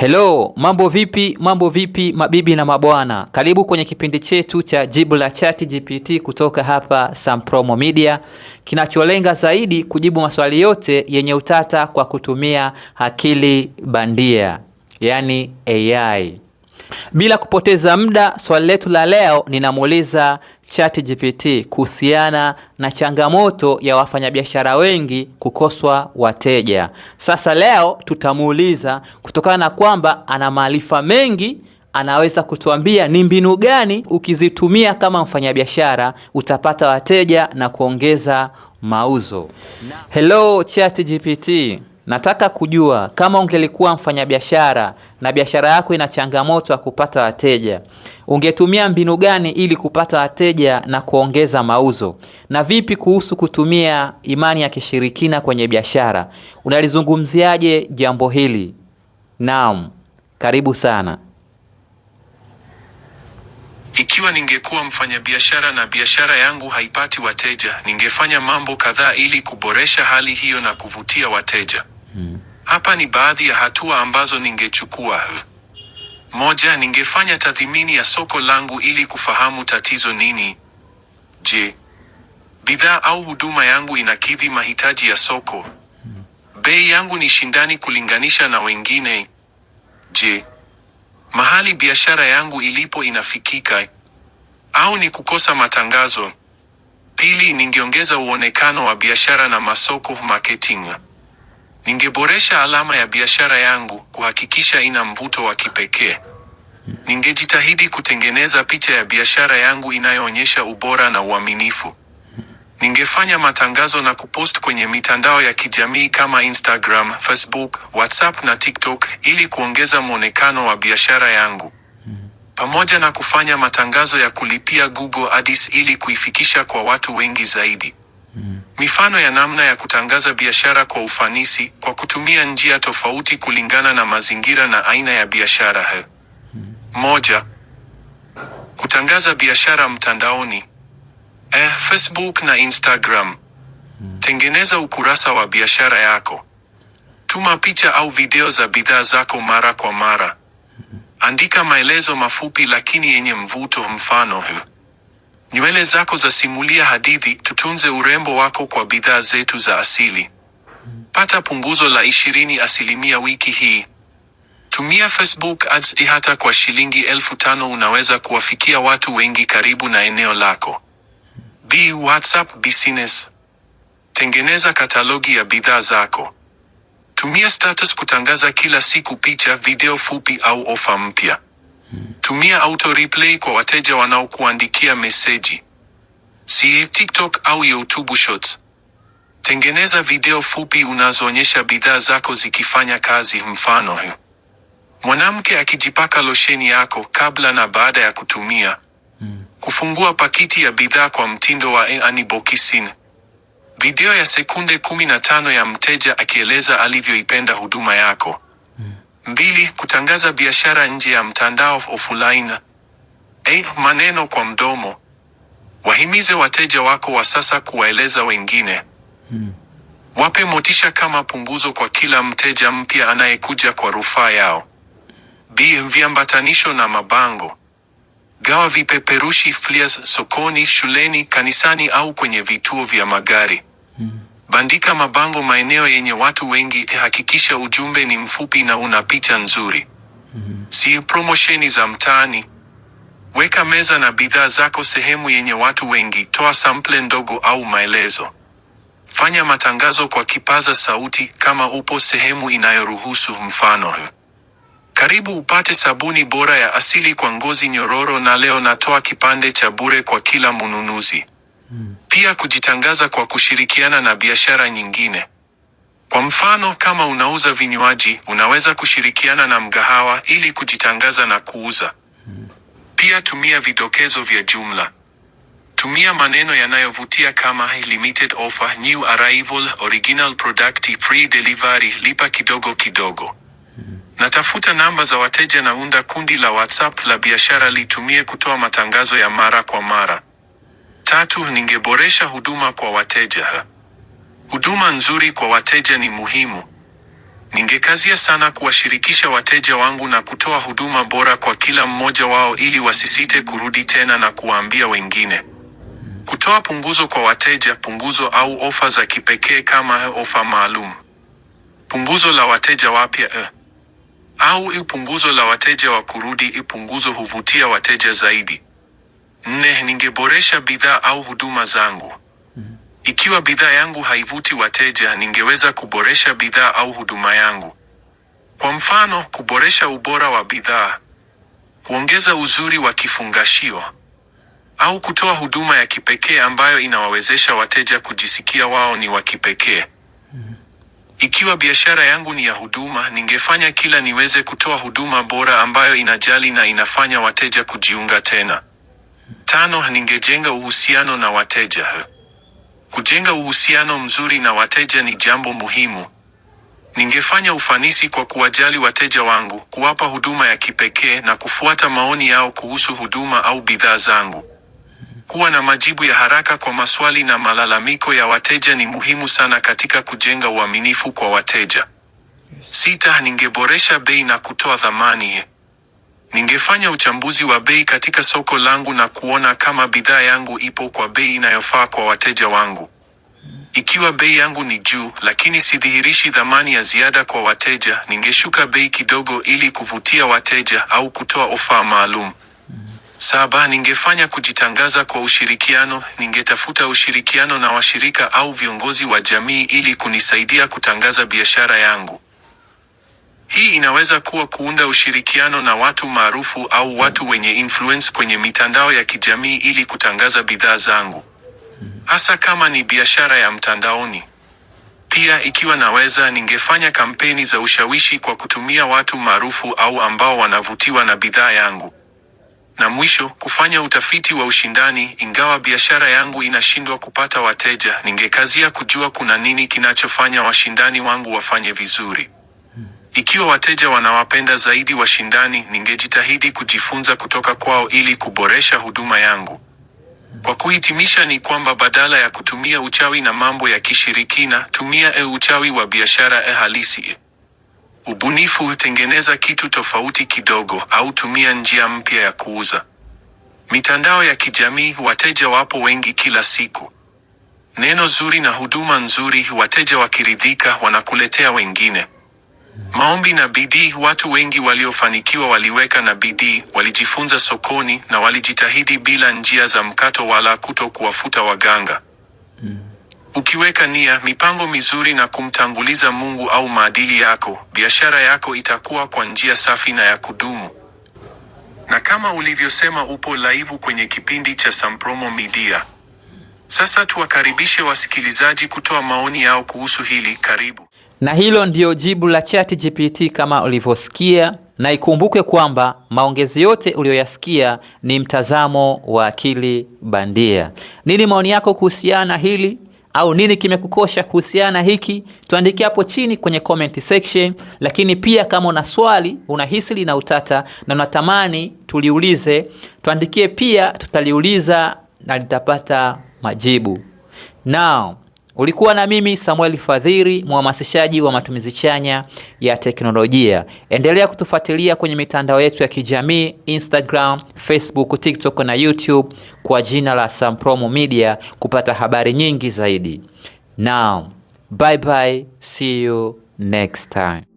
Hello, mambo vipi? Mambo vipi mabibi na mabwana, karibu kwenye kipindi chetu cha jibu la Chat GPT kutoka hapa Sampromo Media, kinacholenga zaidi kujibu maswali yote yenye utata kwa kutumia akili bandia, yani AI. Bila kupoteza muda, swali letu la leo ninamuuliza ChatGPT kuhusiana na changamoto ya wafanyabiashara wengi kukoswa wateja. Sasa leo tutamuuliza kutokana na kwamba ana maarifa mengi anaweza kutuambia ni mbinu gani ukizitumia kama mfanyabiashara utapata wateja na kuongeza mauzo. Hello ChatGPT. Nataka kujua kama ungelikuwa mfanyabiashara na biashara yako ina changamoto ya kupata wateja, ungetumia mbinu gani ili kupata wateja na kuongeza mauzo? Na vipi kuhusu kutumia imani ya kishirikina kwenye biashara, unalizungumziaje jambo hili? Naam, karibu sana. Ikiwa ningekuwa mfanyabiashara na biashara yangu haipati wateja, ningefanya mambo kadhaa ili kuboresha hali hiyo na kuvutia wateja. Hapa ni baadhi ya hatua ambazo ningechukua. Moja, ningefanya tathmini ya soko langu ili kufahamu tatizo nini. Je, bidhaa au huduma yangu inakidhi mahitaji ya soko? Bei yangu ni shindani kulinganisha na wengine? Je, mahali biashara yangu ilipo inafikika au ni kukosa matangazo? Pili, ningeongeza uonekano wa biashara na masoko marketing. Ningeboresha alama ya biashara yangu kuhakikisha ina mvuto wa kipekee. Ningejitahidi kutengeneza picha ya biashara yangu inayoonyesha ubora na uaminifu. Ningefanya matangazo na kupost kwenye mitandao ya kijamii kama Instagram, Facebook, WhatsApp na TikTok ili kuongeza mwonekano wa biashara yangu. Pamoja na kufanya matangazo ya kulipia Google Ads ili kuifikisha kwa watu wengi zaidi. Mifano ya namna ya kutangaza biashara kwa ufanisi kwa kutumia njia tofauti kulingana na mazingira na aina ya biashara he. Moja, kutangaza biashara mtandaoni eh, Facebook na Instagram. Tengeneza ukurasa wa biashara yako. Tuma picha au video za bidhaa zako mara kwa mara. Andika maelezo mafupi lakini yenye mvuto, mfano he. Nywele zako zasimulia hadithi. Tutunze urembo wako kwa bidhaa zetu za asili. Pata punguzo la ishirini asilimia wiki hii. Tumia Facebook ads hata kwa shilingi elfu tano unaweza kuwafikia watu wengi karibu na eneo lako. B WhatsApp business. Tengeneza katalogi ya bidhaa zako. Tumia status kutangaza kila siku, picha, video fupi au ofa mpya. Tumia auto replay kwa wateja wanaokuandikia meseji, si TikTok au YouTube Shorts. Tengeneza video fupi unazoonyesha bidhaa zako zikifanya kazi. Mfano, mwanamke akijipaka losheni yako kabla na baada ya kutumia, kufungua pakiti ya bidhaa kwa mtindo wa unboxing, video ya sekunde 15 ya mteja akieleza alivyoipenda huduma yako. Mbili, kutangaza biashara nje ya mtandao offline. A, maneno kwa mdomo. Wahimize wateja wako wa sasa kuwaeleza wengine. Hmm. Wape motisha kama punguzo kwa kila mteja mpya anayekuja kwa rufaa yao. B, viambatanisho na mabango. Gawa vipeperushi flyers sokoni, shuleni, kanisani au kwenye vituo vya magari. Hmm. Bandika mabango maeneo yenye watu wengi. Hakikisha ujumbe ni mfupi na una picha nzuri. Si promosheni za mtaani. Weka meza na bidhaa zako sehemu yenye watu wengi. Toa sample ndogo au maelezo. Fanya matangazo kwa kipaza sauti kama upo sehemu inayoruhusu. Mfano, karibu upate sabuni bora ya asili kwa ngozi nyororo, na leo natoa kipande cha bure kwa kila mnunuzi. Pia kujitangaza kwa kushirikiana na biashara nyingine. Kwa mfano, kama unauza vinywaji, unaweza kushirikiana na mgahawa ili kujitangaza na kuuza. Pia tumia vidokezo vya jumla. Tumia maneno yanayovutia kama limited offer, new arrival, original product, free delivery, lipa kidogo kidogo. Natafuta namba za wateja na unda kundi la WhatsApp la biashara litumie kutoa matangazo ya mara kwa mara. Tatu, ningeboresha huduma kwa wateja. Huduma nzuri kwa wateja ni muhimu. Ningekazia sana kuwashirikisha wateja wangu na kutoa huduma bora kwa kila mmoja wao ili wasisite kurudi tena na kuwaambia wengine. Kutoa punguzo kwa wateja, punguzo au ofa za kipekee kama ofa maalum, punguzo la wateja wapya eh, au punguzo la wateja wa kurudi. Punguzo huvutia wateja zaidi. Nne, ningeboresha bidhaa au huduma zangu. Ikiwa bidhaa yangu haivuti wateja, ningeweza kuboresha bidhaa au huduma yangu. Kwa mfano, kuboresha ubora wa bidhaa, kuongeza uzuri wa kifungashio au kutoa huduma ya kipekee ambayo inawawezesha wateja kujisikia wao ni wa kipekee. Ikiwa biashara yangu ni ya huduma, ningefanya kila niweze kutoa huduma bora ambayo inajali na inafanya wateja kujiunga tena. Tano, ningejenga uhusiano na wateja. Kujenga uhusiano mzuri na wateja ni jambo muhimu. Ningefanya ufanisi kwa kuwajali wateja wangu, kuwapa huduma ya kipekee na kufuata maoni yao kuhusu huduma au bidhaa zangu. Kuwa na majibu ya haraka kwa maswali na malalamiko ya wateja ni muhimu sana katika kujenga uaminifu kwa wateja. Sita, ningeboresha bei na kutoa thamani. Ningefanya uchambuzi wa bei katika soko langu na kuona kama bidhaa yangu ipo kwa bei inayofaa kwa wateja wangu. Ikiwa bei yangu ni juu lakini sidhihirishi thamani ya ziada kwa wateja, ningeshuka bei kidogo ili kuvutia wateja au kutoa ofa maalum. Saba, ningefanya kujitangaza kwa ushirikiano. Ningetafuta ushirikiano na washirika au viongozi wa jamii ili kunisaidia kutangaza biashara yangu. Hii inaweza kuwa kuunda ushirikiano na watu maarufu au watu wenye influence kwenye mitandao ya kijamii ili kutangaza bidhaa zangu, hasa kama ni biashara ya mtandaoni. Pia ikiwa naweza, ningefanya kampeni za ushawishi kwa kutumia watu maarufu au ambao wanavutiwa na bidhaa yangu. Na mwisho, kufanya utafiti wa ushindani. Ingawa biashara yangu inashindwa kupata wateja, ningekazia kujua kuna nini kinachofanya washindani wangu wafanye vizuri. Ikiwa wateja wanawapenda zaidi washindani, ningejitahidi kujifunza kutoka kwao ili kuboresha huduma yangu. Kwa kuhitimisha ni kwamba badala ya kutumia uchawi na mambo ya kishirikina, tumia e uchawi wa biashara e halisi Ubunifu hutengeneza kitu tofauti kidogo, au tumia njia mpya ya kuuza. Mitandao ya kijamii, wateja wapo wengi kila siku. Neno zuri na huduma nzuri, wateja wakiridhika, wanakuletea wengine. Maombi na bidii. Watu wengi waliofanikiwa waliweka na bidii, walijifunza sokoni na walijitahidi bila njia za mkato wala kuto kuwafuta waganga. Ukiweka nia, mipango mizuri na kumtanguliza Mungu au maadili yako, biashara yako itakuwa kwa njia safi na ya kudumu. Na kama ulivyosema, upo laivu kwenye kipindi cha Sampromo Media. Sasa tuwakaribishe wasikilizaji kutoa maoni yao kuhusu hili. Karibu. Na hilo ndiyo jibu la ChatGPT kama ulivyosikia, na ikumbukwe kwamba maongezi yote uliyoyasikia ni mtazamo wa akili bandia. Nini maoni yako kuhusiana na hili au nini kimekukosha kuhusiana na hiki? Tuandikie hapo chini kwenye comment section, lakini pia kama una swali unahisi lina utata na unatamani tuliulize, tuandikie pia, tutaliuliza na litapata majibu. Now, Ulikuwa na mimi Samuel Fadhili, mhamasishaji wa matumizi chanya ya teknolojia. Endelea kutufuatilia kwenye mitandao yetu ya kijamii Instagram, Facebook, TikTok na YouTube kwa jina la Sampromo Media kupata habari nyingi zaidi. Now, bye bye, see you next time.